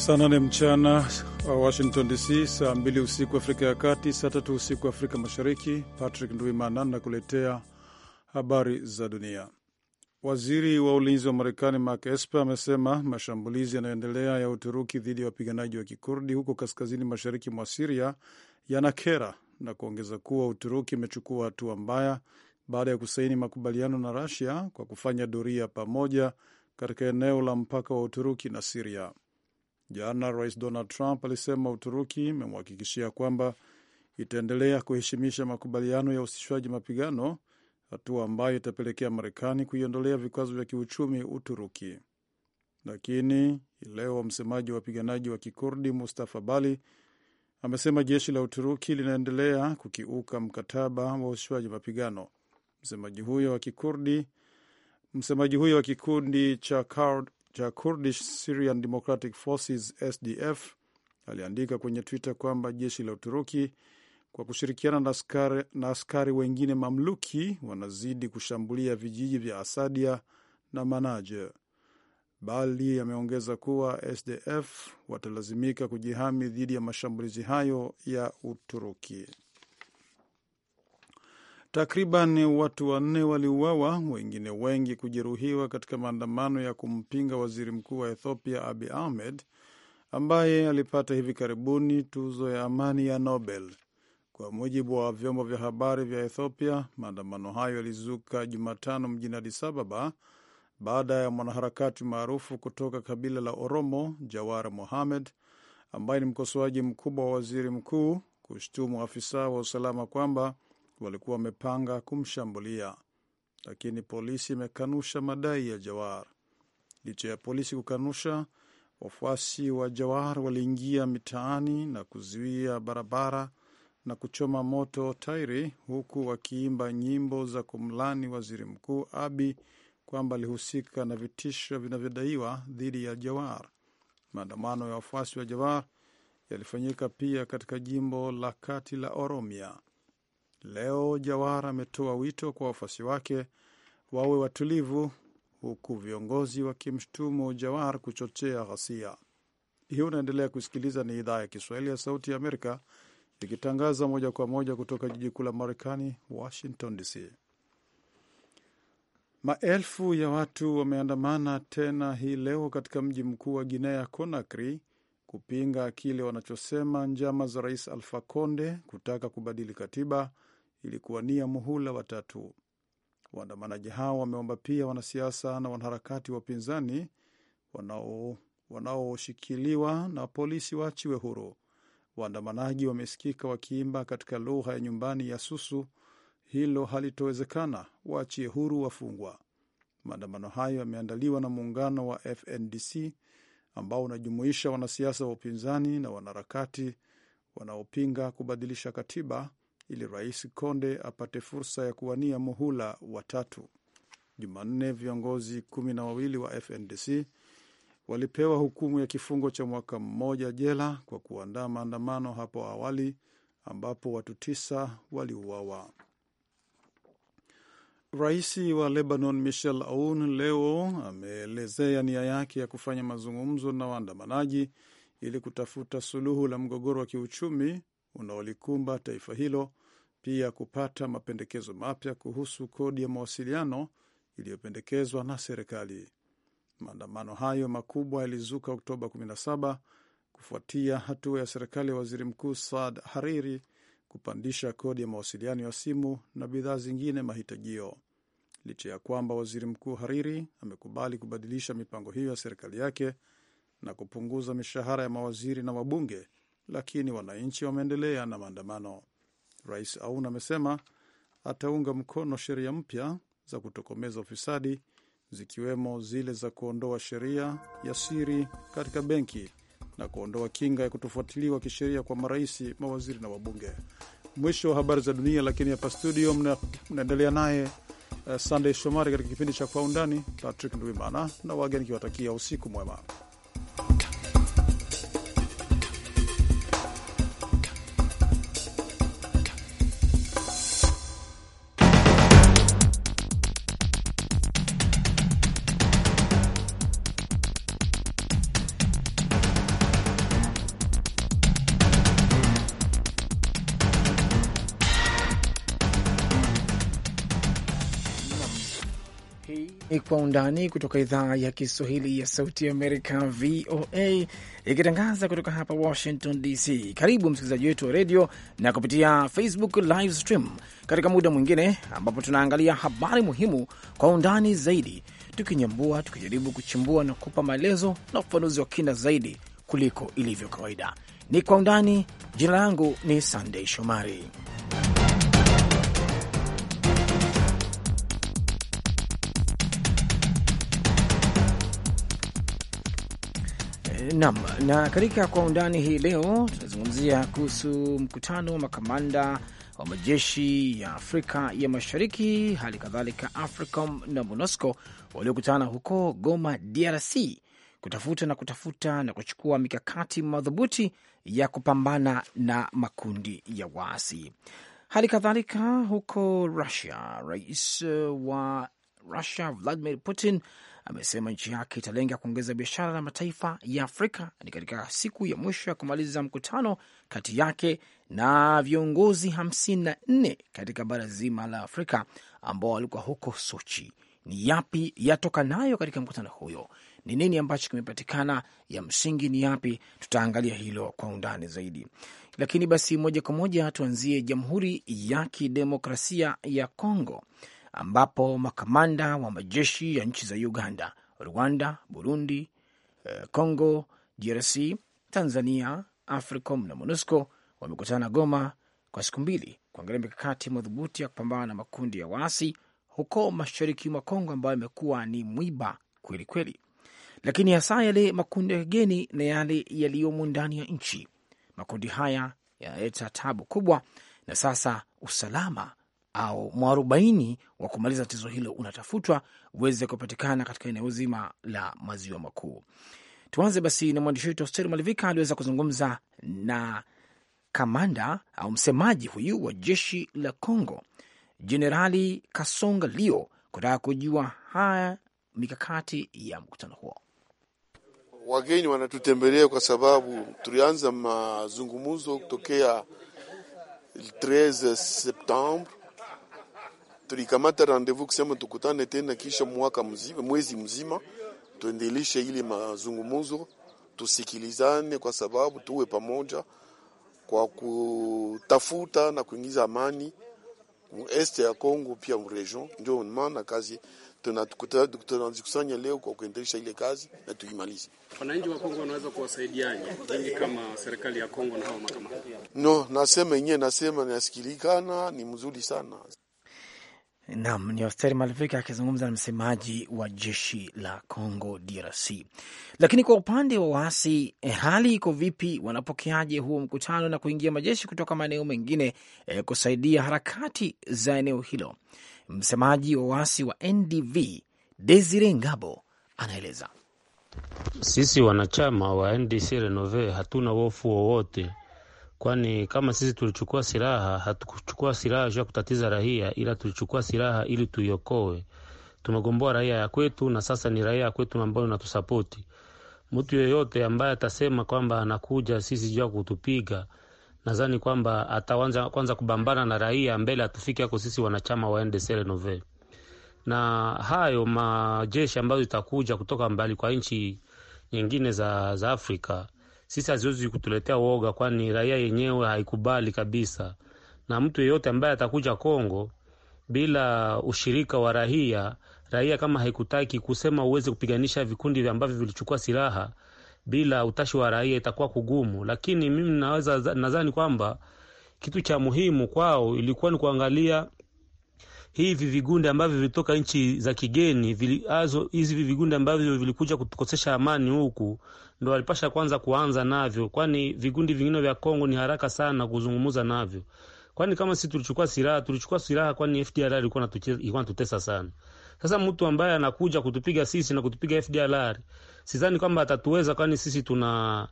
Saa nane mchana uh, Washington DC, saa mbili usiku Afrika ya Kati, saa tatu usiku Afrika Mashariki. Patrick Ndwimana nakuletea habari za dunia. Waziri wa ulinzi wa Marekani Mark Esper amesema mashambulizi yanayoendelea ya Uturuki dhidi ya wapiganaji wa kikurdi huko kaskazini mashariki mwa Siria yanakera na kuongeza kuwa Uturuki imechukua hatua mbaya baada ya kusaini makubaliano na Rasia kwa kufanya doria pamoja katika eneo la mpaka wa Uturuki na Siria. Jana Rais Donald Trump alisema Uturuki imemhakikishia kwamba itaendelea kuheshimisha makubaliano ya usishwaji mapigano, hatua ambayo itapelekea Marekani kuiondolea vikwazo vya kiuchumi Uturuki. Lakini leo msemaji wa wapiganaji wa kikurdi Mustafa Bali amesema jeshi la Uturuki linaendelea kukiuka mkataba wa usishwaji mapigano. Msemaji huyo wa kikurdi msemaji huyo wa kikundi cha Kurd cha Kurdish Syrian Democratic Forces SDF aliandika kwenye Twitter kwamba jeshi la Uturuki kwa kushirikiana na askari, na askari wengine mamluki wanazidi kushambulia vijiji vya Asadia na Manaje. Bali ameongeza kuwa SDF watalazimika kujihami dhidi ya mashambulizi hayo ya Uturuki. Takriban watu wanne waliuawa, wengine wengi kujeruhiwa katika maandamano ya kumpinga waziri mkuu wa Ethiopia abi Ahmed ambaye alipata hivi karibuni tuzo ya amani ya Nobel. Kwa mujibu wa vyombo vya habari vya Ethiopia, maandamano hayo yalizuka Jumatano mjini Addis Ababa baada ya mwanaharakati maarufu kutoka kabila la Oromo, jawar Mohamed, ambaye ni mkosoaji mkubwa wa waziri mkuu, kushtumu afisa wa usalama kwamba walikuwa wamepanga kumshambulia, lakini polisi imekanusha madai ya Jawar. Licha ya polisi kukanusha, wafuasi wa Jawar waliingia mitaani na kuzuia barabara na kuchoma moto tairi, huku wakiimba nyimbo za kumlani waziri mkuu Abi kwamba alihusika na vitisho vinavyodaiwa dhidi ya Jawar. Maandamano ya wafuasi wa Jawar yalifanyika pia katika jimbo la kati la Oromia. Leo jawar ametoa wito kwa wafuasi wake wawe watulivu, huku viongozi wakimshtumu Jawar kuchochea ghasia. Hii unaendelea kusikiliza, ni idhaa ya Kiswahili ya Sauti ya Amerika ikitangaza moja kwa moja kutoka jiji kuu la Marekani, Washington DC. Maelfu ya watu wameandamana tena hii leo katika mji mkuu wa Guinea Conakry kupinga kile wanachosema njama za Rais Alfa Conde kutaka kubadili katiba ili kuwania muhula watatu. Waandamanaji hao wameomba pia wanasiasa na wanaharakati wa upinzani wanaoshikiliwa wanao na polisi waachiwe huru. Waandamanaji wamesikika wakiimba katika lugha ya nyumbani ya Susu, hilo halitowezekana, waachie huru wafungwa. Maandamano hayo yameandaliwa na muungano wa FNDC ambao unajumuisha wanasiasa wa upinzani na wanaharakati wanaopinga kubadilisha katiba ili Rais Konde apate fursa ya kuwania muhula wa tatu. Jumanne, viongozi kumi na wawili wa FNDC walipewa hukumu ya kifungo cha mwaka mmoja jela kwa kuandaa maandamano hapo awali ambapo watu tisa waliuawa. Rais wa Lebanon Michel Aoun leo ameelezea nia yake ya kufanya mazungumzo na waandamanaji ili kutafuta suluhu la mgogoro wa kiuchumi unaolikumba taifa hilo, pia kupata mapendekezo mapya kuhusu kodi ya mawasiliano iliyopendekezwa na serikali. Maandamano hayo makubwa yalizuka Oktoba 17 kufuatia hatua ya serikali ya waziri mkuu Saad Hariri kupandisha kodi ya mawasiliano ya simu na bidhaa zingine mahitajio. Licha ya kwamba waziri mkuu Hariri amekubali kubadilisha mipango hiyo ya serikali yake na kupunguza mishahara ya mawaziri na wabunge, lakini wananchi wameendelea na maandamano. Rais aun amesema ataunga mkono sheria mpya za kutokomeza ufisadi zikiwemo zile za kuondoa sheria ya siri katika benki na kuondoa kinga ya kutofuatiliwa kisheria kwa marais, mawaziri na wabunge. Mwisho wa habari za dunia, lakini hapa studio mnaendelea naye uh, Sandey Shomari katika kipindi cha Kwa Undani. Patrick Ndwimana na wageni kiwatakia usiku mwema. kwa undani kutoka idhaa ya Kiswahili ya Sauti Amerika, VOA, ikitangaza kutoka hapa Washington DC. Karibu msikilizaji wetu wa redio na kupitia Facebook live stream katika muda mwingine ambapo tunaangalia habari muhimu kwa undani zaidi, tukinyambua, tukijaribu kuchimbua na kupa maelezo na ufafanuzi wa kina zaidi kuliko ilivyo kawaida. Ni kwa undani. Jina langu ni Sandei Shomari. Nam. Na katika kwa undani hii leo tunazungumzia kuhusu mkutano wa makamanda wa majeshi ya Afrika ya Mashariki, hali kadhalika AFRICOM na MONUSCO waliokutana huko Goma, DRC, kutafuta na kutafuta na kuchukua mikakati madhubuti ya kupambana na makundi ya waasi. Hali kadhalika huko Russia, rais wa Russia Vladimir Putin amesema nchi yake italenga kuongeza biashara na mataifa ya Afrika. Ni katika siku ya mwisho ya kumaliza mkutano kati yake na viongozi hamsini na nne katika bara zima la Afrika ambao walikuwa huko Sochi. Ni yapi yatokanayo katika mkutano huyo? Ni nini ambacho kimepatikana? Ya msingi ni yapi? Tutaangalia hilo kwa undani zaidi, lakini basi moja kwa moja tuanzie Jamhuri ya Kidemokrasia ya Kongo ambapo makamanda wa majeshi ya nchi za Uganda, Rwanda, Burundi, eh, Congo, DRC, Tanzania, AFRICOM na MONUSCO wamekutana Goma kwa siku mbili kuangalia mikakati madhubuti ya kupambana na makundi ya waasi huko mashariki mwa Kongo ambayo imekuwa ni mwiba kweli kweli, lakini hasa yale makundi ya kigeni na yale yaliyomo ndani ya nchi. Makundi haya yanaleta tabu kubwa, na sasa usalama au mwarobaini wa kumaliza tatizo hilo unatafutwa uweze kupatikana katika eneo zima la maziwa makuu. Tuanze basi na mwandishi wetu Hosteri Malivika aliweza kuzungumza na kamanda au msemaji huyu wa jeshi la Congo, Jenerali Kasonga Lio, kutaka kujua haya mikakati ya mkutano huo. Wageni wanatutembelea kwa sababu tulianza mazungumzo kutokea 13 Septembre tulikamata rendezvous kusema tukutane tena kisha mwaka mzima, mwezi mzima tuendeleshe ile mazungumzo, tusikilizane kwa sababu tuwe pamoja kwa kutafuta na kuingiza amani este ya Kongo pia mregion. Ndio maana kazi tunajikusanya leo kwa kuendelesha ile kazi na tuimalize. Wananchi wa Kongo wanaweza kuwasaidiaje ninyi kama serikali ya Kongo na hawa makamanda? No, nasema yenyewe, nasema nasikilikana ni mzuri sana. Nam ni hosteri Malivika akizungumza na msemaji wa jeshi la Congo DRC. Lakini kwa upande wa waasi, eh, hali iko vipi? Wanapokeaje huo mkutano na kuingia majeshi kutoka maeneo mengine eh, kusaidia harakati za eneo hilo? Msemaji wa waasi wa NDV Desire Ngabo anaeleza. Sisi wanachama wa NDC Renove hatuna hofu wowote kwani kama sisi tulichukua silaha, hatukuchukua silaha juu ya kutatiza raia, ila tulichukua silaha ili tuiokoe. Tumegomboa raia ya kwetu na sasa ni raia ya kwetu ambayo natusapoti. Mtu yeyote ambaye atasema kwamba anakuja sisi juu ya kutupiga, nadhani kwamba atawanza kwanza kubambana na raia mbele atufike ako sisi wanachama wa NDSL Nouvelle na hayo majeshi ambayo itakuja kutoka mbali kwa nchi nyingine za, za Afrika sisi haziwezi kutuletea woga, kwani raia yenyewe haikubali kabisa, na mtu yeyote ambaye atakuja Kongo bila ushirika wa raia, raia kama haikutaki kusema, uweze kupiganisha vikundi ambavyo vilichukua silaha bila utashi wa raia itakuwa kugumu, lakini mimi naweza nadhani kwamba kitu cha muhimu kwao ilikuwa ni kuangalia hivi vigundi ambavyo vilitoka nchi za kigeni vilazo hivi vigundi ambavyo vilikuja kutukosesha amani huku ndo walipasha kwanza kuanza navyo, kwani vigundi vingine vya Kongo ni haraka sana kuzungumza navyo, kwani kama sisi tulichukua silaha, tulichukua silaha, kwani FDLR ilikuwa natutesa sana. Sasa mtu ambaye anakuja kutupiga sisi na kutupiga FDLR sidhani kwamba atatuweza, kwani sisi tuna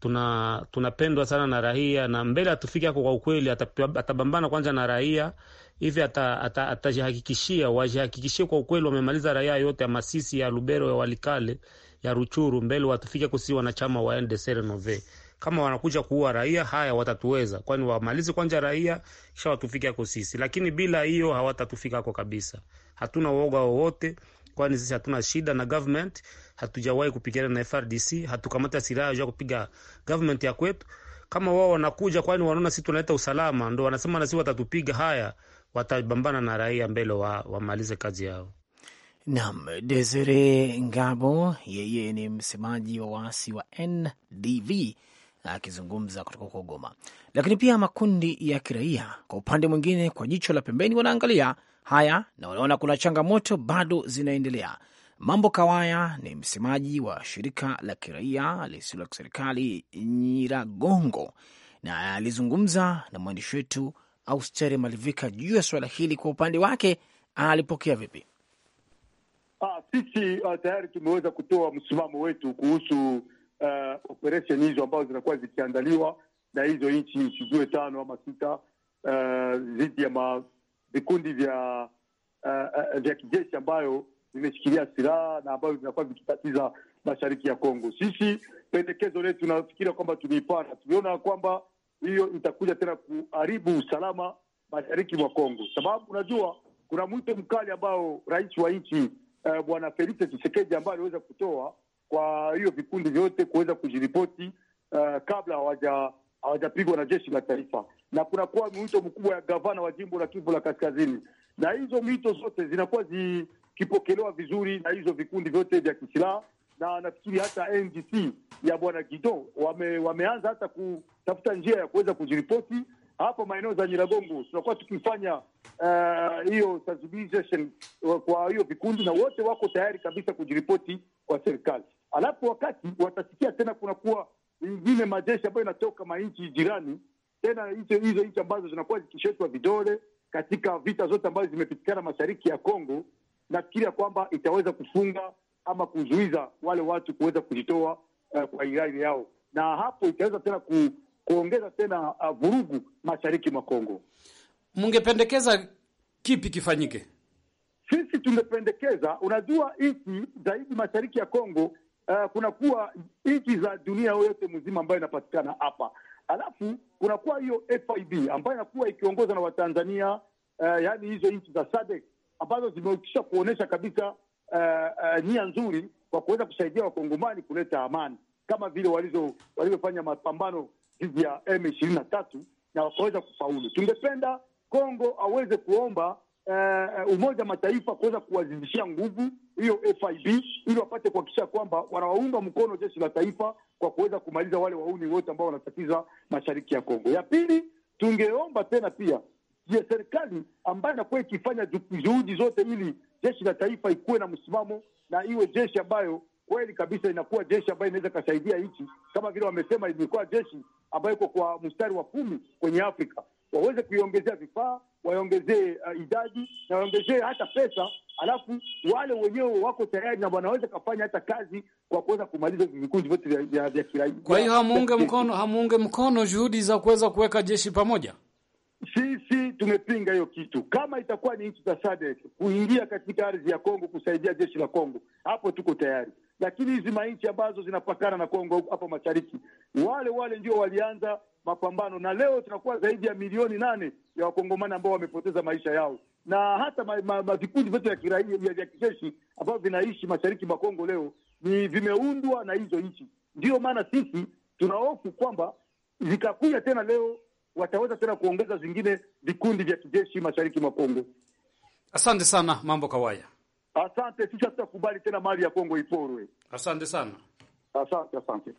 tuna tunapendwa sana na raia, na mbele atufike hako. Kwa ukweli atapambana kwanza na raia hivi atajihakikishia ata, ata wajihakikishie kwa ukweli wamemaliza raia yote ya Masisi, ya Lubero, ya Walikale, ya Ruchuru mbele watufike kusi wanachama wa NDSRNOV. kama wanakuja kuua raia haya watatuweza, kwani wamalizi kwanja raia kisha watufike ako sisi, lakini bila hiyo hawatatufika ako kabisa. Hatuna uoga wowote, kwani sisi hatuna shida na government. Hatujawahi kupigana na FRDC, hatukamata silaha ya kupiga government ya kwetu. Kama wao wanakuja, kwani wanaona sisi tunaleta usalama, ndo wanasema nasi watatupiga. Haya, watapambana na raia mbele wa, wamalize kazi yao. Nam Desire Ngabo, yeye ni msemaji wa waasi wa NDV akizungumza kutoka huko Goma. Lakini pia makundi ya kiraia kwa upande mwingine, kwa jicho la pembeni, wanaangalia haya na wanaona kuna changamoto bado zinaendelea. Mambo Kawaya ni msemaji wa shirika la kiraia lisilo la kiserikali Nyiragongo, na alizungumza na mwandishi wetu Austeri Malivika juu ya suala hili, kwa upande wake alipokea vipi? Ah, sisi ah, tayari tumeweza kutoa msimamo wetu kuhusu uh, ah, operesheni hizo ambazo zinakuwa zikiandaliwa na hizo nchi sijue tano ama sita ah, dhidi uh, ya vikundi vya uh, vya kijeshi ambayo vimeshikilia silaha na ambayo vinakuwa vikitatiza mashariki ya Kongo. Sisi pendekezo letu, nafikiria kwamba tumeipata, tumeona kwamba hiyo itakuja tena kuharibu usalama mashariki mwa Kongo, sababu unajua kuna mwito mkali ambao rais wa nchi uh, bwana Felix Tshisekedi ambaye aliweza kutoa kwa hiyo vikundi vyote kuweza kujiripoti uh, kabla hawaja hawajapigwa na jeshi la taifa, na kunakuwa mwito mkubwa ya gavana wa jimbo la Kivu la Kaskazini, na hizo mwito zote zinakuwa zikipokelewa vizuri na hizo vikundi vyote vya kisilaha, na nafikiri hata NDC ya bwana gido wame, wameanza hata ku tafuta njia ya kuweza kuziripoti hapo maeneo za Nyiragongo. Tunakuwa tukifanya uh, hiyo uh, sensibilization kwa hiyo vikundi, na wote wako tayari kabisa kujiripoti kwa serikali. Alafu wakati watasikia tena kunakuwa ingine majeshi ambayo inatoka manchi jirani tena hizo nchi ambazo zinakuwa zikishetwa vidole katika vita zote ambazo zimepitikana mashariki ya Kongo, nafikiria kwamba itaweza kufunga ama kuzuiza wale watu kuweza kujitoa uh, kwa irari yao, na hapo itaweza tena ku kuongeza tena uh, vurugu mashariki mwa Kongo. Mungependekeza kipi kifanyike? Sisi tungependekeza, unajua nchi zaidi mashariki ya Kongo uh, kunakuwa nchi za dunia yote mzima ambayo inapatikana hapa, alafu kunakuwa hiyo FIB ambayo inakuwa ikiongozwa na Watanzania uh, yaani hizo nchi za SADC ambazo zimekisha kuonyesha kabisa uh, uh, nia nzuri kwa kuweza kusaidia wakongomani kuleta amani kama vile walizo walivyofanya mapambano dhidi ya M ishirini na tatu na wakaweza kufaulu. Tungependa Kongo aweze kuomba uh, Umoja Mataifa kuweza kuwazidishia nguvu hiyo FIB ili wapate kuhakikisha kwamba wanawaunga mkono jeshi la taifa kwa kuweza kumaliza wale wauni wote ambao wanatatiza mashariki ya Kongo. Ya pili, tungeomba tena pia je, serikali ambayo inakuwa ikifanya juhudi zote ili jeshi la taifa ikuwe na msimamo na iwe jeshi ambayo kweli kabisa inakuwa jeshi ambayo inaweza kasaidia nchi, kama vile wamesema ilikuwa jeshi ambayo iko kwa mstari wa kumi kwenye Afrika waweze kuiongezea vifaa, waiongezee uh, idadi na waongezee hata pesa, alafu wale wenyewe wako tayari na wanaweza kafanya hata kazi kwa kuweza kumaliza vikundi vyote vya kiraia. Kwa hiyo hamuunge mkono, hamuunge mkono juhudi za kuweza kuweka jeshi pamoja? Sisi tumepinga hiyo kitu. Kama itakuwa ni nchi za SADC kuingia katika ardhi ya Kongo kusaidia jeshi la Kongo, hapo tuko tayari lakini hizi manchi ambazo zinapakana na Kongo hapa mashariki, wale wale ndio walianza mapambano, na leo tunakuwa zaidi ya milioni nane ya wakongomani ambao wamepoteza maisha yao, na hata vikundi vyetu vya kijeshi ambavyo vinaishi mashariki mwa Kongo leo ni vimeundwa na hizo nchi. Ndiyo maana sisi tunahofu kwamba zikakuja tena leo wataweza tena kuongeza zingine vikundi vya kijeshi mashariki mwa Kongo. Asante sana, mambo kawaya. Asante, sisi hatutakubali tena mali ya Kongo iporwe. Asante sana, asante, asante.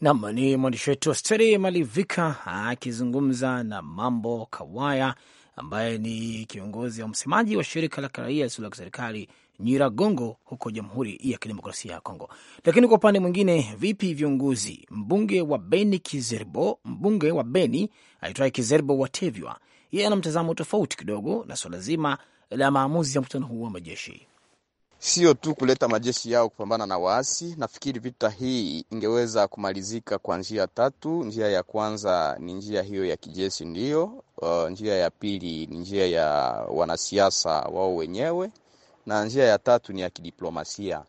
Nam ni mwandishi wetu Asteri Malivika akizungumza na Mambo Kawaya ambaye ni kiongozi au msemaji wa shirika la kiraia lisilo la kiserikali Nyiragongo huko Jamhuri ya Kidemokrasia ya Kongo. Lakini kwa upande mwingine, vipi viongozi? Mbunge wa Beni Kizerbo, mbunge wa Beni aitwaye Kizerbo Watevwa, yeye ana mtazamo tofauti kidogo na swala zima la maamuzi ya mkutano huu wa majeshi sio tu kuleta majeshi yao kupambana na waasi. Nafikiri vita hii ingeweza kumalizika kwa njia tatu. Njia ya kwanza ni njia hiyo ya kijeshi ndiyo. Uh, njia ya pili ni njia ya wanasiasa wao wenyewe, na njia ya tatu ni ya kidiplomasia.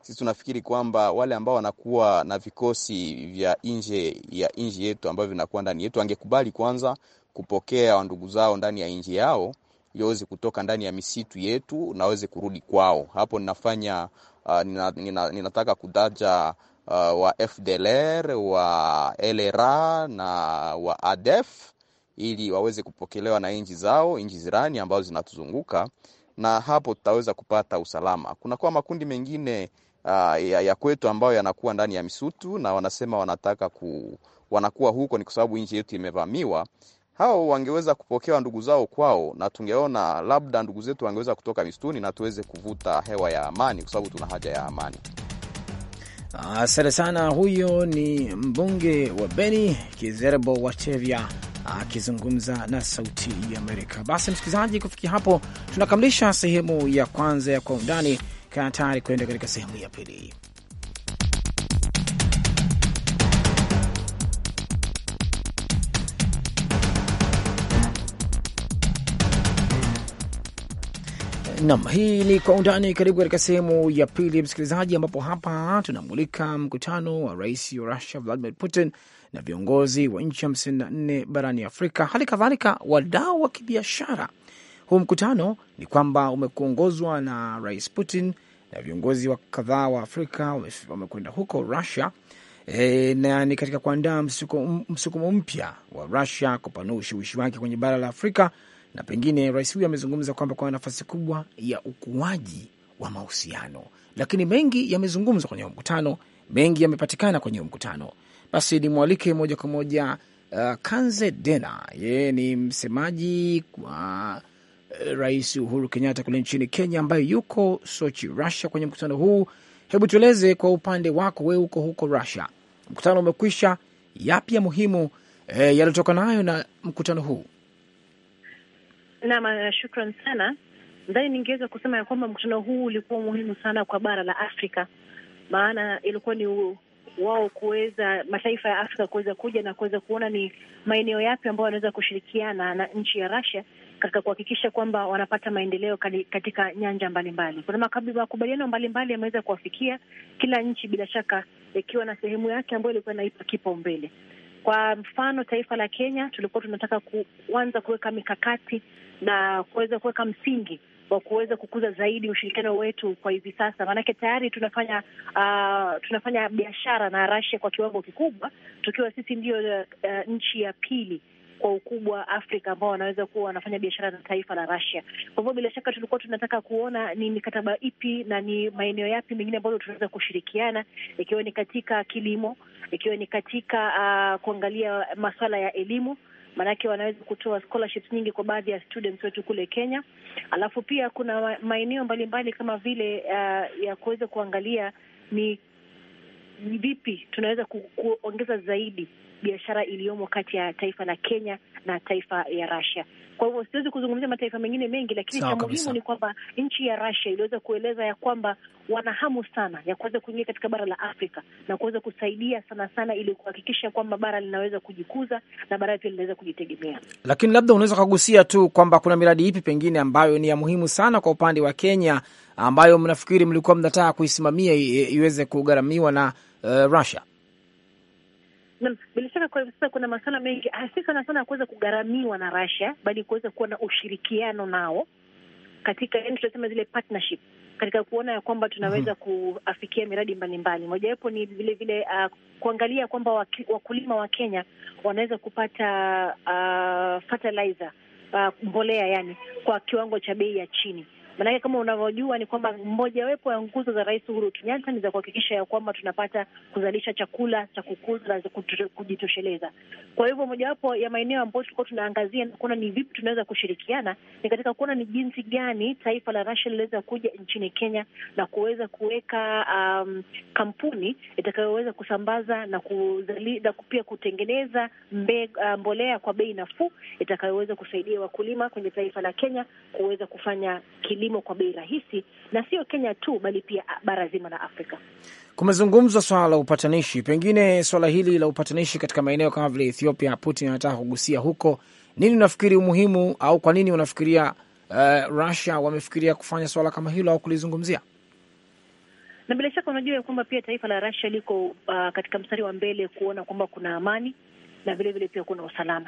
Sisi tunafikiri kwamba wale ambao wanakuwa na vikosi vya nje ya nchi yetu ambavyo vinakuwa ndani yetu wangekubali kwanza kupokea ndugu zao ndani ya nchi yao yaweze kutoka ndani ya misitu yetu na waweze kurudi kwao. Hapo ninafanya uh, nina, nina, ninataka kutaja uh, wa FDLR wa LRA na wa ADF e ili waweze kupokelewa na nchi zao, nchi jirani ambazo zinatuzunguka, na hapo tutaweza kupata usalama. Kuna kwa makundi mengine uh, ya, ya kwetu ambayo yanakuwa ndani ya misutu na wanasema wanataka ku, wanakuwa huko ni kwa sababu nchi yetu imevamiwa hao wangeweza kupokewa ndugu zao kwao, na tungeona labda ndugu zetu wangeweza kutoka misituni na tuweze kuvuta hewa ya amani, kwa sababu tuna haja ya amani. Asante sana. Huyo ni mbunge wa Beni Kizerbo Watevya akizungumza na Sauti ya Amerika. Basi msikilizaji, kufikia hapo tunakamilisha sehemu ya kwanza ya Kwa Undani. Kaa tayari kuenda katika sehemu ya pili. Nam, hii ni kwa undani. Karibu katika sehemu ya pili, msikilizaji, ambapo hapa tunamulika mkutano wa rais wa Russia Vladimir Putin na viongozi wa nchi hamsini na nne barani Afrika, hali kadhalika wadau wa kibiashara. Huu mkutano ni kwamba umekuongozwa na Rais Putin na viongozi wa kadhaa wa Afrika wamekwenda huko Russia. E, na ni katika kuandaa msukumo mpya wa Russia kupanua ushawishi wake kwenye bara la Afrika na pengine rais huyu amezungumza kwamba kuna nafasi kubwa ya ukuaji wa mahusiano, lakini mengi yamezungumzwa kwenye mkutano, mengi yamepatikana kwenye mkutano. Basi nimwalike moja kwa moja uh, Kanze Dena, yeye ni msemaji kwa uh, Rais Uhuru Kenyatta kule nchini Kenya, ambaye yuko Sochi, Russia, kwenye mkutano huu. Hebu tueleze kwa upande wako, wewe uko huko Russia, mkutano umekwisha, yapi ya muhimu eh, yaliotoka nayo na mkutano huu? Naam, shukran sana. Nadhani ningeweza kusema ya kwamba mkutano huu ulikuwa muhimu sana kwa bara la Afrika, maana ilikuwa ni wao kuweza mataifa ya Afrika kuweza kuja na kuweza kuona ni maeneo yapi ambayo wanaweza kushirikiana na nchi ya Russia katika kuhakikisha kwamba wanapata maendeleo katika nyanja mbalimbali. Kuna makubaliano mbalimbali yameweza kuwafikia kila nchi, bila shaka ikiwa na sehemu yake ambayo ilikuwa inaipa kipaumbele. Kwa mfano taifa la Kenya, tulikuwa tunataka kuanza kuweka mikakati na kuweza kuweka msingi wa kuweza kukuza zaidi ushirikiano wetu kwa hivi sasa, maanake tayari tunafanya uh, tunafanya biashara na Russia kwa kiwango kikubwa, tukiwa sisi ndiyo uh, nchi ya pili kwa ukubwa wa Afrika ambao wanaweza kuwa wanafanya biashara na taifa la Russia. Kwa hivyo bila shaka tulikuwa tunataka kuona ni mikataba ipi na ni maeneo yapi mengine ambayo tunaweza kushirikiana, ikiwa ni katika kilimo, ikiwa ni katika uh, kuangalia masuala ya elimu maanake wanaweza kutoa scholarships nyingi kwa baadhi ya students wetu kule Kenya. Alafu pia kuna maeneo mbalimbali kama vile uh, ya kuweza kuangalia ni vipi tunaweza kuongeza zaidi biashara iliyomo kati ya taifa la Kenya na taifa ya Russia. Kwa hivyo siwezi kuzungumzia mataifa mengine mengi, lakini cha muhimu ni kwamba nchi ya Russia iliweza kueleza ya kwamba wana hamu sana ya kuweza kuingia katika bara la Afrika na kuweza kusaidia sana sana ili kuhakikisha kwamba bara linaweza kujikuza na bara pia linaweza kujitegemea. Lakini labda unaweza ukagusia tu kwamba kuna miradi ipi pengine ambayo ni ya muhimu sana kwa upande wa Kenya ambayo mnafikiri mlikuwa mnataka kuisimamia iweze kugharamiwa na uh, Russia? bila shaka kwa sasa kuna masuala mengi, hasi sana sana ya kuweza kugharamiwa na Russia, bali kuweza kuwa na ushirikiano nao katika, yani tunasema zile partnership katika kuona ya kwamba tunaweza mhm. kuafikia miradi mbalimbali. Mojawapo ni vile vile uh, kuangalia kwamba wakulima wa Kenya wanaweza kupata uh, fertilizer uh, mbolea yani kwa kiwango cha bei ya chini. Maanake kama unavyojua ni kwamba mojawapo ya nguzo za Rais Uhuru Kenyatta ni za kuhakikisha ya kwamba tunapata kuzalisha chakula cha kukuza na kujitosheleza. Kwa hivyo mojawapo ya maeneo ambayo tulikuwa tunaangazia na kuona ni vipi tunaweza kushirikiana ni katika kuona ni jinsi gani taifa la Russia liliweza kuja nchini Kenya na kuweza kuweka um, kampuni itakayoweza kusambaza na kuzali, na pia kutengeneza mbe, uh, mbolea kwa bei nafuu itakayoweza kusaidia wakulima kwenye taifa la Kenya kuweza kufanya kilimo kilimo kwa bei rahisi, na sio Kenya tu, bali pia bara zima la Afrika. Kumezungumzwa swala la upatanishi, pengine swala hili la upatanishi katika maeneo kama vile Ethiopia, Putin anataka kugusia huko. Nini unafikiri umuhimu au kwa nini unafikiria uh, Russia wamefikiria kufanya swala kama hilo au kulizungumzia? Na bila shaka unajua ya kwamba pia taifa la Russia liko uh, katika mstari wa mbele kuona kwamba kuna amani na vilevile pia kuna usalama.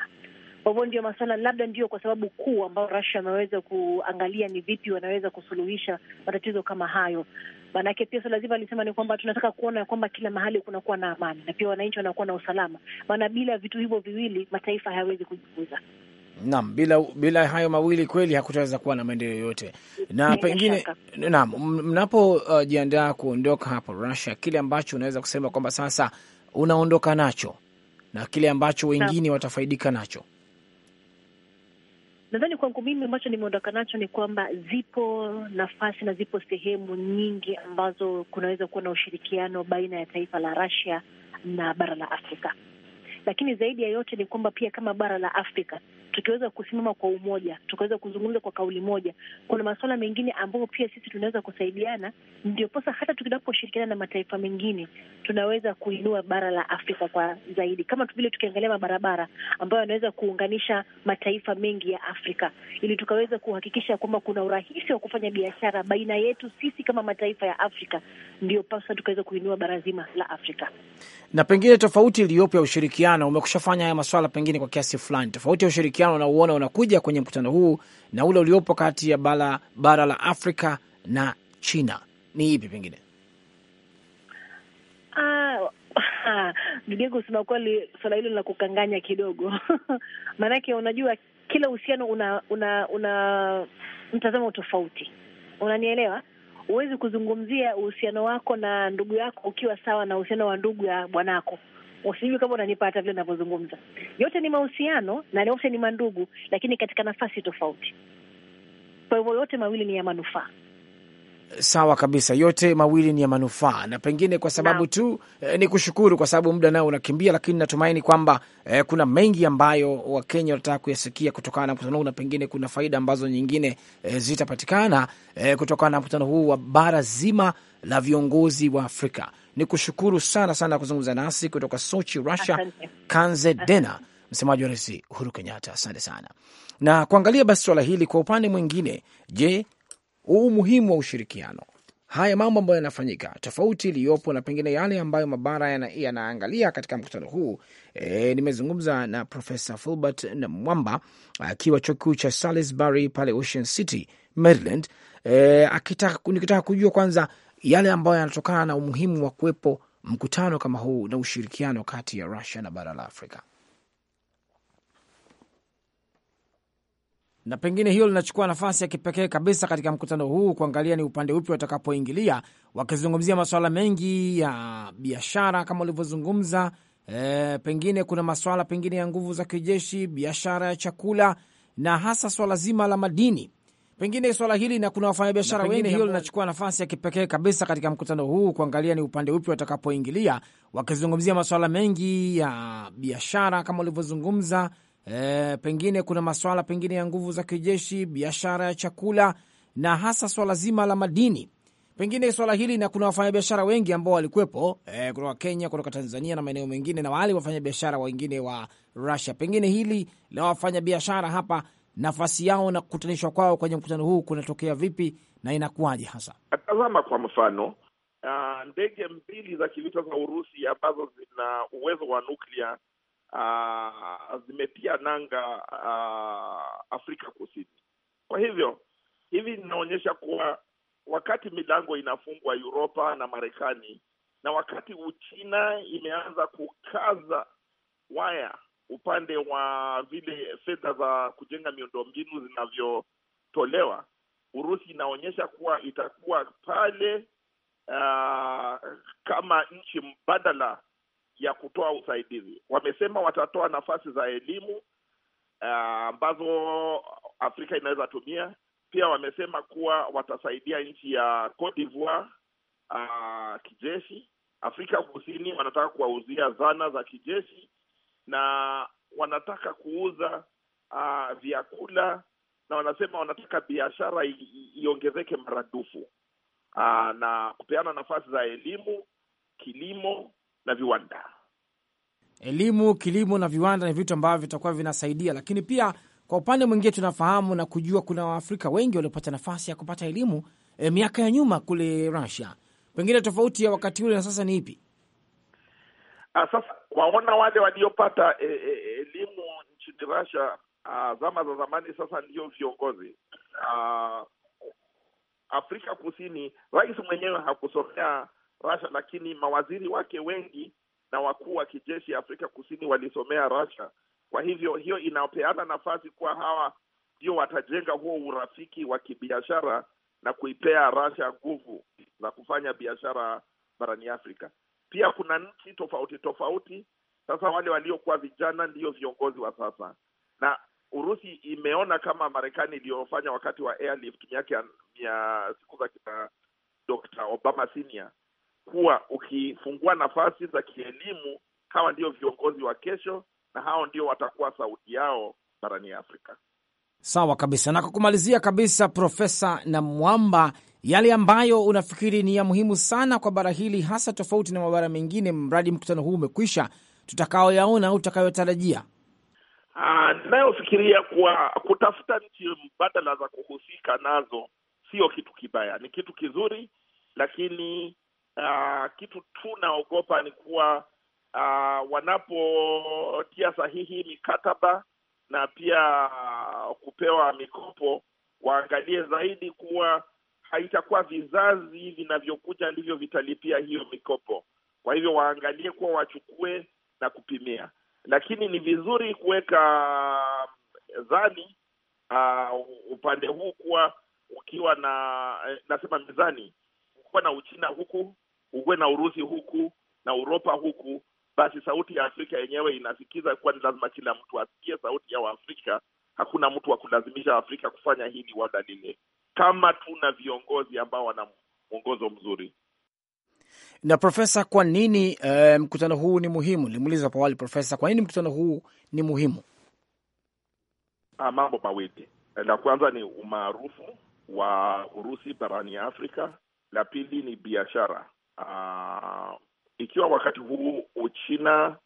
Kwa hivyo ndio maswala labda ndio kwa sababu kuu ambayo Russia ameweza kuangalia ni vipi wanaweza kusuluhisha matatizo kama hayo. Maanake pia swala zima alisema ni kwamba tunataka kuona kwamba kila mahali kunakuwa na amani na pia wananchi wanakuwa na usalama, maana bila vitu hivyo viwili mataifa hayawezi kujikuza. Naam, bila bila hayo mawili kweli hakutaweza kuwa na maendeleo yote Na pengine naam, mnapojiandaa uh, kuondoka hapo Russia, kile ambacho unaweza kusema kwamba sasa unaondoka nacho na kile ambacho wengine watafaidika nacho Nadhani kwangu mimi ambacho nimeondoka nacho ni kwamba zipo nafasi na zipo sehemu nyingi ambazo kunaweza kuwa na ushirikiano baina ya taifa la Russia na bara la Afrika, lakini zaidi ya yote ni kwamba pia kama bara la Afrika tukiweza kusimama kwa umoja, tukaweza kuzungumza kwa kauli moja, kuna masuala mengine ambayo pia sisi tunaweza kusaidiana. posa hata tunaposhirikiana na mataifa mengine tunaweza kuinua bara la Afrika kwa zaidi, kama vile tukiangalia mabarabara ambayo yanaweza kuunganisha mataifa mengi ya Afrika, ili tukaweza kuhakikisha kwamba kuna urahisi wa kufanya biashara baina yetu sisi kama mataifa ya Afrika. Ndioposa tukaweza kuinua bara zima la Afrika, na pengine tofauti iliyopo ya ushirikiano umekushafanya haya maswala pengine kwa kiasi fulani, tofauti ya ushirikiano ushirikiano unaouona unakuja kwenye mkutano huu na ule uliopo kati ya bara, bara la Afrika na China ni ipi pengine? Uh, ndugu yangu, kweli swala hilo la kukanganya kidogo maanake unajua kila uhusiano una una una mtazamo tofauti, unanielewa? Huwezi kuzungumzia uhusiano wako na ndugu yako ukiwa sawa na uhusiano wa ndugu ya bwanako Usijui kama unanipata vile ninavyozungumza. Yote ni mahusiano na yote ni mandugu, lakini katika nafasi tofauti. Kwa hivyo yote mawili ni ya manufaa. Sawa kabisa, yote mawili ni ya manufaa. Na pengine kwa sababu na tu eh, ni kushukuru kwa sababu muda nao unakimbia, lakini natumaini kwamba eh, kuna mengi ambayo Wakenya wanataka kuyasikia kutokana na mkutano huu, na pengine kuna faida ambazo nyingine eh, zitapatikana eh, kutokana na mkutano huu wa bara zima la viongozi wa Afrika ni kushukuru sana sana kuzungumza nasi kutoka Sochi, Russia. Kanze Dena, msemaji wa Rais Uhuru Kenyatta, asante sana. Na kuangalia basi swala hili kwa upande mwingine, je, umuhimu wa ushirikiano, haya mambo ambayo yanafanyika, tofauti iliyopo na pengine yale ambayo mabara yanaangalia yana katika mkutano huu. E, nimezungumza na Profesa Fulbert na Mwamba akiwa chuo kikuu cha Salisbury pale Ocean City, Maryland, e, nikitaka kujua kwanza yale ambayo yanatokana na umuhimu wa kuwepo mkutano kama huu na ushirikiano kati ya Rusia na bara la Afrika. Na pengine hilo linachukua nafasi ya kipekee kabisa katika mkutano huu, kuangalia ni upande upi watakapoingilia, wakizungumzia masuala mengi ya biashara kama ulivyozungumza. E, pengine kuna masuala pengine ya nguvu za kijeshi, biashara ya chakula na hasa swala zima la madini pengine swala hili na kuna wafanyabiashara wengine, hiyo linachukua nafasi ya kipekee kabisa katika mkutano huu, kuangalia ni upande upi watakapoingilia, wakizungumzia masuala mengi ya biashara kama ulivyozungumza. E, pengine kuna masuala pengine ya nguvu za kijeshi, biashara ya chakula na hasa swala zima la madini, pengine swala hili na kuna wafanyabiashara wengi ambao walikuwepo e, kutoka Kenya, kutoka Tanzania na maeneo mengine, na wale wafanyabiashara wengine wa Russia, pengine hili la wafanyabiashara hapa nafasi yao na kukutanishwa kwao kwenye mkutano huu kunatokea vipi na inakuwaje hasa? Tazama kwa mfano Uh, ndege mbili za kivita za Urusi ambazo zina uwezo wa nuklia uh, zimetia nanga uh, Afrika Kusini. Kwa hivyo hivi inaonyesha kuwa wakati milango inafungwa Uropa na Marekani, na wakati Uchina imeanza kukaza waya upande wa vile fedha za kujenga miundombinu zinavyotolewa, Urusi inaonyesha kuwa itakuwa pale uh, kama nchi mbadala ya kutoa usaidizi. Wamesema watatoa nafasi za elimu ah, ambazo uh, Afrika inaweza tumia. Pia wamesema kuwa watasaidia nchi ya Cote d'Ivoire uh, kijeshi. Afrika Kusini wanataka kuwauzia zana za kijeshi na wanataka kuuza uh, vyakula na wanasema wanataka biashara iongezeke maradufu uh, na kupeana nafasi za elimu, kilimo na viwanda. Elimu, kilimo na viwanda ni vitu ambavyo vitakuwa vinasaidia, lakini pia kwa upande mwingine tunafahamu na kujua kuna Waafrika wengi waliopata nafasi ya kupata elimu e, miaka ya nyuma kule Russia. Pengine tofauti ya wakati ule na sasa ni ipi? Ah, sasa waona wale waliopata eh, eh, eh, elimu e, nchini Russia ah, zama za zamani sasa ndio viongozi. Ah, Afrika Kusini, rais mwenyewe hakusomea Russia, lakini mawaziri wake wengi na wakuu wa kijeshi Afrika Kusini walisomea Russia. Kwa hivyo hiyo inapeana nafasi kuwa hawa ndio watajenga huo urafiki wa kibiashara na kuipea Russia nguvu za kufanya biashara barani Afrika. Pia kuna nchi tofauti tofauti sasa wale waliokuwa vijana ndiyo viongozi wa sasa, na Urusi imeona kama Marekani iliyofanya wakati wa airlift miaka ya, siku za kina Dr. Obama senior kuwa ukifungua nafasi za kielimu, hawa ndio viongozi wa kesho na hao ndio watakuwa sauti yao barani Afrika. Sawa kabisa. Na kwa kumalizia kabisa, Profesa Namwamba, yale ambayo unafikiri ni ya muhimu sana kwa bara hili, hasa tofauti na mabara mengine, mradi mkutano huu umekwisha, tutakayoyaona au tutakayotarajia? Ah, ninayofikiria kuwa kutafuta nchi mbadala za kuhusika nazo sio kitu kibaya, ni kitu kizuri, lakini aa, ah, kitu naogopa ni kuwa ah, wanapotia sahihi mikataba na pia kupewa mikopo waangalie zaidi kuwa haitakuwa vizazi vinavyokuja ndivyo vitalipia hiyo mikopo. Kwa hivyo waangalie kuwa wachukue na kupimia, lakini ni vizuri kuweka eh, zani uh, upande huu kuwa ukiwa na eh, nasema mezani, ukiwa na Uchina huku ukuwe na Urusi huku na Uropa huku, basi sauti ya Afrika yenyewe inasikiza kuwa ni lazima kila mtu asikie sauti ya Waafrika. Hakuna mtu wa kulazimisha Afrika kufanya hili wala lile kama tuna viongozi ambao wana mwongozo mzuri. Na profesa, kwa nini eh, mkutano huu ni muhimu? Nilimuuliza hapo awali profesa, kwa nini mkutano huu ni muhimu? Ha, ah, mambo mawili. La kwanza ni umaarufu wa Urusi barani Afrika. La pili ni biashara. Ah, ikiwa wakati huu Uchina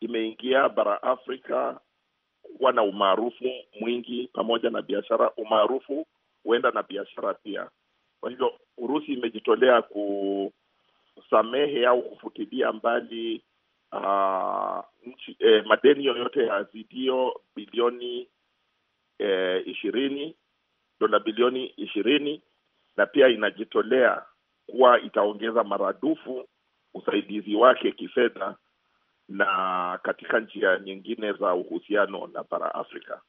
imeingia bara Afrika kuwa na umaarufu mwingi pamoja na biashara, umaarufu huenda na biashara pia. Kwa hivyo Urusi imejitolea kusamehe au kufutilia mbali uh, nchi, eh, madeni yoyote ya zidio bilioni eh, ishirini dola bilioni ishirini na pia inajitolea kuwa itaongeza maradufu usaidizi wake kifedha na katika njia nyingine za uhusiano na bara Afrika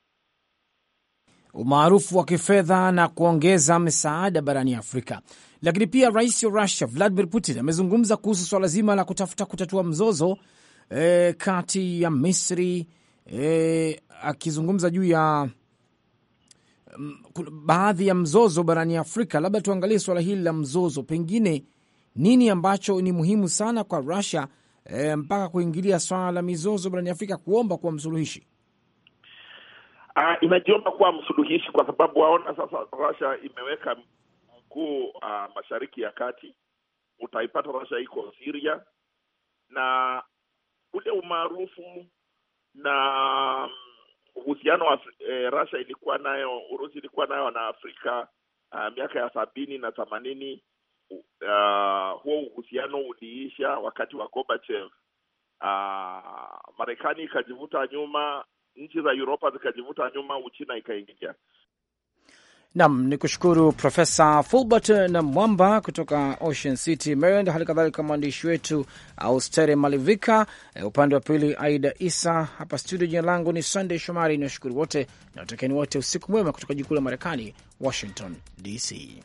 umaarufu wa kifedha na kuongeza misaada barani Afrika. Lakini pia rais wa Rusia Vladimir Putin amezungumza kuhusu swala zima la kutafuta kutatua mzozo e, kati ya Misri e, akizungumza juu ya m, mm, baadhi ya mzozo barani Afrika. Labda tuangalie swala hili la mzozo, pengine nini ambacho ni muhimu sana kwa Rusia e, mpaka kuingilia swala la mizozo barani Afrika, kuomba kuwa msuluhishi uh, ah, inajiomba kuwa msuluhishi, kwa sababu waona sasa Russia imeweka mkuu uh, ah, mashariki ya kati. Utaipata Russia iko Syria na ule umaarufu na mm, uhusiano wa eh, Russia ilikuwa nayo, Urusi ilikuwa nayo na Afrika uh, miaka ya sabini na themanini. Uh, huo uhusiano uliisha wakati wa Gorbachev. Uh, Marekani ikajivuta nyuma nchi za Uropa zikajivuta nyuma, Uchina ikaingia. Nam ni kushukuru Profesa Fulbert na Mwamba kutoka Ocean City, Maryland, hali kadhalika mwandishi wetu Austere Malivika, eh, upande wa pili Aida Isa hapa studio. Jina langu ni sandey Shomari, ni washukuru wote na watakeni wote usiku mwema kutoka jukuu la Marekani, Washington DC.